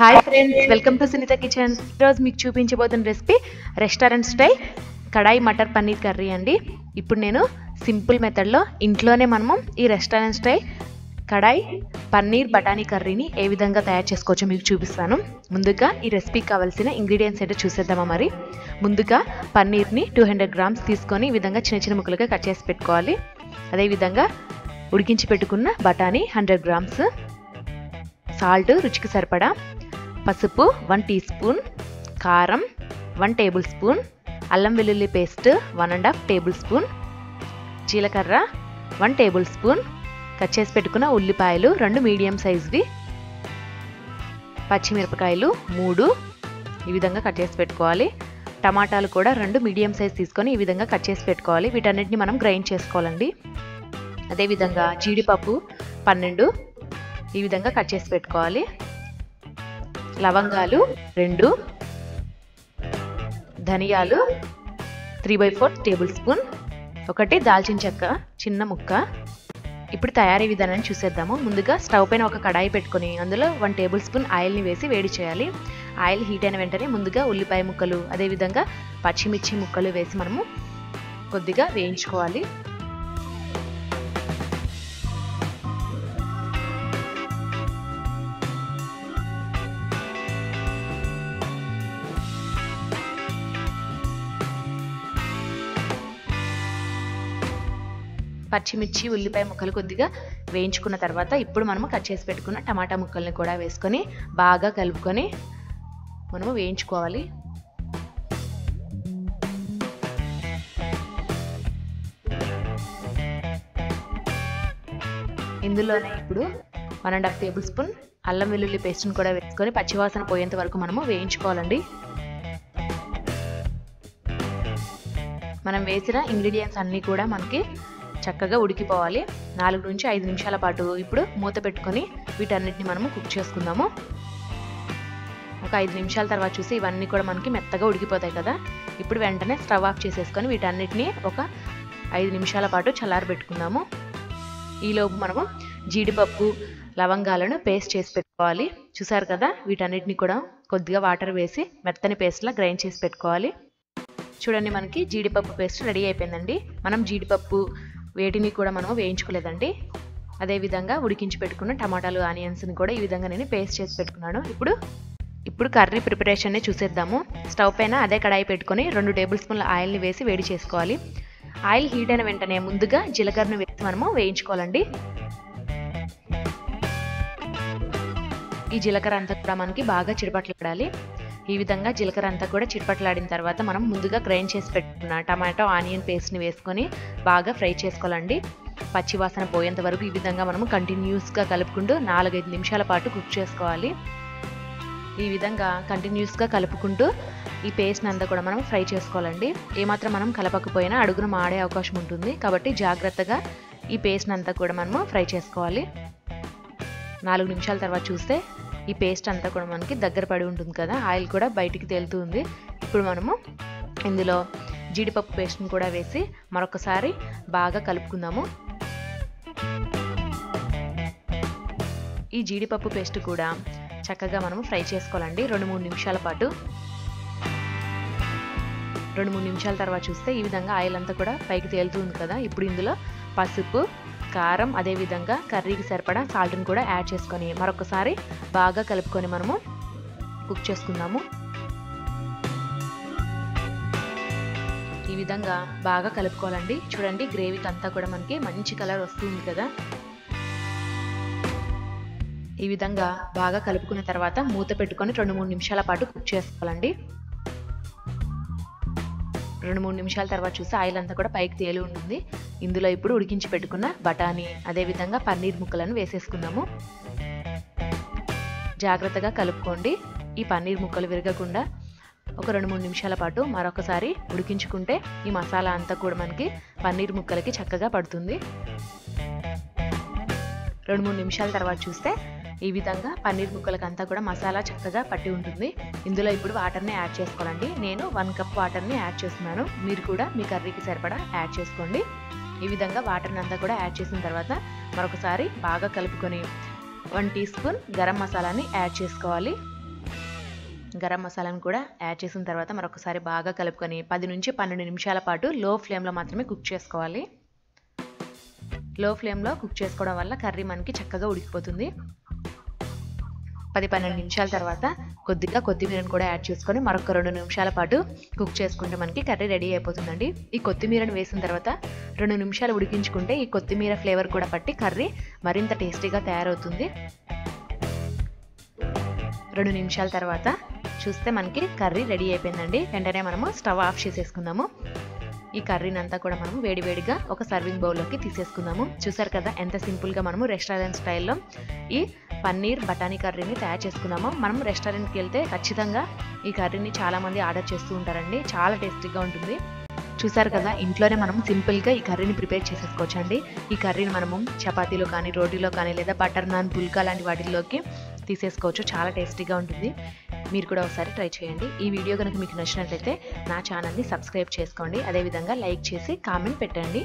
hi friends welcome to Sunitha kitchen ఈరోజు మీకు చూపించబోతున్న recipe restaurant style kadai matar paneer curry అండి ఇప్పుడు నేను సింపుల్ మెథడ్లో ఇంట్లోనే మనము ఈ రెస్టారెంట్ స్టైల్ కడాయి పన్నీర్ బఠానీ కర్రీని ఏ విధంగా తయారు చేసుకోవచ్చో మీకు చూపిస్తాను ముందుగా ఈ రెసిపీకి కావాల్సిన ఇంగ్రీడియంట్స్ ఏంటో చూసేద్దామా మరి ముందుగా పన్నీర్ని టూ హండ్రెడ్ గ్రామ్స్ తీసుకొని ఈ విధంగా చిన్న చిన్న ముక్కలుగా కట్ చేసి పెట్టుకోవాలి అదేవిధంగా ఉడికించి పెట్టుకున్న బఠానీ హండ్రెడ్ గ్రామ్స్ సాల్ట్ రుచికి సరిపడా పసుపు వన్ టీ స్పూన్ కారం వన్ టేబుల్ స్పూన్ అల్లం వెల్లుల్లి paste one and half tablespoon జీలకర్ర వన్ టేబుల్ స్పూన్ కట్ చేసి పెట్టుకున్న ఉల్లిపాయలు రెండు మీడియం సైజువి పచ్చిమిరపకాయలు మూడు ఈ విధంగా కట్ చేసి పెట్టుకోవాలి టమాటాలు కూడా రెండు మీడియం సైజ్ తీసుకొని ఈ విధంగా కట్ చేసి పెట్టుకోవాలి వీటన్నిటిని మనం గ్రైండ్ చేసుకోవాలండి అదేవిధంగా జీడిపప్పు పన్నెండు ఈ విధంగా కట్ చేసి పెట్టుకోవాలి లవంగాలు రెండు ధనియాలు three by four tablespoon ఒకటి దాల్చిన చెక్క చిన్న ముక్క ఇప్పుడు తయారీ విధానాన్ని చూసేద్దాము ముందుగా స్టవ్ పైన ఒక కడాయి పెట్టుకొని అందులో వన్ టేబుల్ స్పూన్ ఆయిల్ని వేసి వేడి చేయాలి ఆయిల్ హీట్ అయిన వెంటనే ముందుగా ఉల్లిపాయ ముక్కలు అదేవిధంగా పచ్చిమిర్చి ముక్కలు వేసి మనము కొద్దిగా వేయించుకోవాలి పచ్చిమిర్చి ఉల్లిపాయ ముక్కలు కొద్దిగా వేయించుకున్న తర్వాత ఇప్పుడు మనము కట్ చేసి పెట్టుకున్న టమాటా ముక్కల్ని కూడా వేసుకొని బాగా కలుపుకొని మనము వేయించుకోవాలి ఇందులోనే ఇప్పుడు one and half tablespoon అల్లం వెల్లుల్లి పేస్ట్ని కూడా వేసుకొని పచ్చివాసన పోయేంత వరకు మనము వేయించుకోవాలండి మనం వేసిన ఇంగ్రీడియంట్స్ అన్నీ కూడా మనకి చక్కగా ఉడికిపోవాలి నాలుగు నుంచి ఐదు నిమిషాల పాటు ఇప్పుడు మూత పెట్టుకొని వీటన్నిటిని మనము కుక్ చేసుకుందాము ఒక ఐదు నిమిషాల తర్వాత చూసి ఇవన్నీ కూడా మనకి మెత్తగా ఉడికిపోతాయి కదా ఇప్పుడు వెంటనే స్టవ్ ఆఫ్ చేసేసుకొని వీటన్నిటిని ఒక ఐదు నిమిషాల పాటు పెట్టుకుందాము ఈలోపు మనము జీడిపప్పు లవంగాలను పేస్ట్ చేసి పెట్టుకోవాలి చూసారు కదా వీటన్నిటిని కూడా కొద్దిగా వాటర్ వేసి మెత్తని పేస్ట్లా గ్రైండ్ చేసి పెట్టుకోవాలి చూడండి మనకి జీడిపప్పు పేస్ట్ రెడీ అయిపోయిందండి మనం జీడిపప్పు వేటిని కూడా మనం వేయించుకోలేదండి అదేవిధంగా ఉడికించి పెట్టుకున్న టమాటాలు ఆనియన్స్ని కూడా ఈ విధంగా నేను పేస్ట్ చేసి పెట్టుకున్నాను ఇప్పుడు ఇప్పుడు కర్రీ ప్రిపరేషన్ని చూసేద్దాము స్టవ్ పైన అదే కడాయి పెట్టుకొని రెండు టేబుల్ స్పూన్ల ఆయిల్ని వేసి వేడి చేసుకోవాలి ఆయిల్ హీట్ అయిన వెంటనే ముందుగా జీలకర్రను వేసి మనము వేయించుకోవాలండి ఈ జీలకర్ర అంతా కూడా మనకి బాగా పడాలి ఈ విధంగా జీలకర్ర అంతా కూడా చిట్పట్లాడిన తర్వాత మనం ముందుగా గ్రైండ్ చేసి పెట్టుకున్న టమాటో ఆనియన్ పేస్ట్ని వేసుకొని బాగా ఫ్రై చేసుకోవాలండి పచ్చివాసన పోయేంత వరకు ఈ విధంగా మనము కంటిన్యూస్గా కలుపుకుంటూ నాలుగైదు నిమిషాల పాటు కుక్ చేసుకోవాలి ఈ విధంగా కంటిన్యూస్గా కలుపుకుంటూ ఈ పేస్ట్ని అంతా కూడా మనం ఫ్రై చేసుకోవాలండి ఏమాత్రం మనం కలపకపోయినా అడుగున మాడే అవకాశం ఉంటుంది కాబట్టి జాగ్రత్తగా ఈ పేస్ట్ని అంతా కూడా మనము ఫ్రై చేసుకోవాలి నాలుగు నిమిషాల తర్వాత చూస్తే ఈ పేస్ట్ అంతా కూడా మనకి దగ్గర పడి ఉంటుంది కదా ఆయిల్ కూడా బయటికి తేలుతుంది ఇప్పుడు మనము ఇందులో జీడిపప్పు పేస్ట్ని కూడా వేసి మరొకసారి బాగా కలుపుకుందాము ఈ జీడిపప్పు పేస్ట్ కూడా చక్కగా మనము ఫ్రై చేసుకోవాలండి రెండు మూడు నిమిషాల పాటు రెండు మూడు నిమిషాల తర్వాత చూస్తే ఈ విధంగా ఆయిల్ అంతా కూడా పైకి తేలుతుంది కదా ఇప్పుడు ఇందులో పసుపు కారం అదేవిధంగా కర్రీకి సరిపడా సాల్ట్ని కూడా యాడ్ చేసుకొని మరొకసారి బాగా కలుపుకొని మనము కుక్ చేసుకుందాము ఈ విధంగా బాగా కలుపుకోవాలండి చూడండి గ్రేవీకి అంతా కూడా మనకి మంచి కలర్ వస్తుంది కదా ఈ విధంగా బాగా కలుపుకున్న తర్వాత మూత పెట్టుకొని రెండు మూడు నిమిషాల పాటు కుక్ చేసుకోవాలండి రెండు మూడు నిమిషాల తర్వాత చూస్తే ఆయిల్ అంతా కూడా పైకి తేలి ఉంటుంది ఇందులో ఇప్పుడు ఉడికించి పెట్టుకున్న బఠానీ అదేవిధంగా పన్నీర్ ముక్కలను వేసేసుకుందాము జాగ్రత్తగా కలుపుకోండి ఈ పన్నీర్ ముక్కలు విరగకుండా ఒక రెండు మూడు నిమిషాల పాటు మరొకసారి ఉడికించుకుంటే ఈ మసాలా అంతా కూడా మనకి పన్నీర్ ముక్కలకి చక్కగా పడుతుంది రెండు మూడు నిమిషాల తర్వాత చూస్తే ఈ విధంగా పన్నీర్ ముక్కలకి అంతా కూడా మసాలా చక్కగా పట్టి ఉంటుంది ఇందులో ఇప్పుడు వాటర్ని యాడ్ చేసుకోవాలండి నేను వన్ కప్ వాటర్ని యాడ్ చేస్తున్నాను మీరు కూడా మీ కర్రీకి సరిపడా యాడ్ చేసుకోండి ఈ విధంగా వాటర్ని అంతా కూడా యాడ్ చేసిన తర్వాత మరొకసారి బాగా కలుపుకొని వన్ టీ స్పూన్ గరం మసాలాని యాడ్ చేసుకోవాలి గరం మసాలాను కూడా యాడ్ చేసిన తర్వాత మరొకసారి బాగా కలుపుకొని పది నుంచి పన్నెండు నిమిషాల పాటు లో ఫ్లేమ్లో మాత్రమే కుక్ చేసుకోవాలి లో ఫ్లేమ్లో కుక్ చేసుకోవడం వల్ల కర్రీ మనకి చక్కగా ఉడికిపోతుంది పది పన్నెండు నిమిషాల తర్వాత కొద్దిగా కొత్తిమీరను కూడా యాడ్ చేసుకొని మరొక రెండు నిమిషాల పాటు కుక్ చేసుకుంటే మనకి కర్రీ రెడీ అయిపోతుందండి ఈ కొత్తిమీరను వేసిన తర్వాత రెండు నిమిషాలు ఉడికించుకుంటే ఈ కొత్తిమీర ఫ్లేవర్ కూడా పట్టి కర్రీ మరింత టేస్టీగా తయారవుతుంది రెండు నిమిషాల తర్వాత చూస్తే మనకి కర్రీ రెడీ అయిపోయిందండి వెంటనే మనము స్టవ్ ఆఫ్ చేసేసుకుందాము ఈ కర్రీని అంతా కూడా మనం వేడివేడిగా ఒక సర్వింగ్ బౌల్లోకి తీసేసుకుందాము చూసారు కదా ఎంత సింపుల్గా మనము రెస్టారెంట్ స్టైల్లో ఈ పన్నీర్ బఠానీ కర్రీని తయారు చేసుకున్నాము మనం రెస్టారెంట్కి వెళ్తే ఖచ్చితంగా ఈ కర్రీని చాలామంది ఆర్డర్ చేస్తూ ఉంటారండి చాలా టేస్టీగా ఉంటుంది చూసారు కదా ఇంట్లోనే మనం సింపుల్గా ఈ కర్రీని ప్రిపేర్ చేసేసుకోవచ్చు అండి ఈ కర్రీని మనము చపాతీలో కానీ రోటీలో కానీ లేదా బటర్ నాన్ పుల్కా లాంటి వాటిల్లోకి తీసేసుకోవచ్చు చాలా టేస్టీగా ఉంటుంది మీరు కూడా ఒకసారి ట్రై చేయండి ఈ వీడియో కనుక మీకు నచ్చినట్లయితే నా ఛానల్ని సబ్స్క్రైబ్ చేసుకోండి అదేవిధంగా లైక్ చేసి కామెంట్ పెట్టండి